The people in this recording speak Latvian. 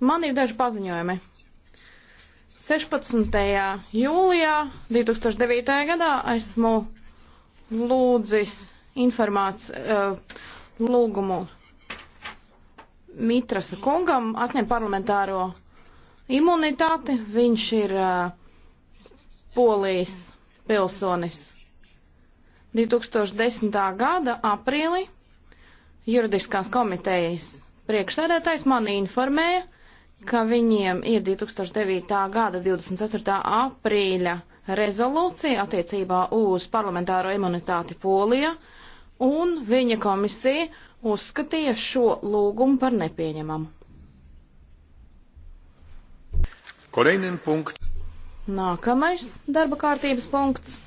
Man ir daži paziņojumi. 16. jūlijā 2009. gadā esmu lūdzis informāciju uh, eh, lūgumu Mitrasa kungam atņemt parlamentāro imunitāti. Viņš ir uh, polijas pilsonis. 2010. gada aprīlī juridiskās komitejas priekšsēdētājs mani informēja, ka viņiem ir 2009. gada 24. aprīļa rezolūcija attiecībā uz parlamentāro imunitāti Polija, un viņa komisija uzskatīja šo lūgumu par nepieņemamu. Nākamais darba kārtības punkts.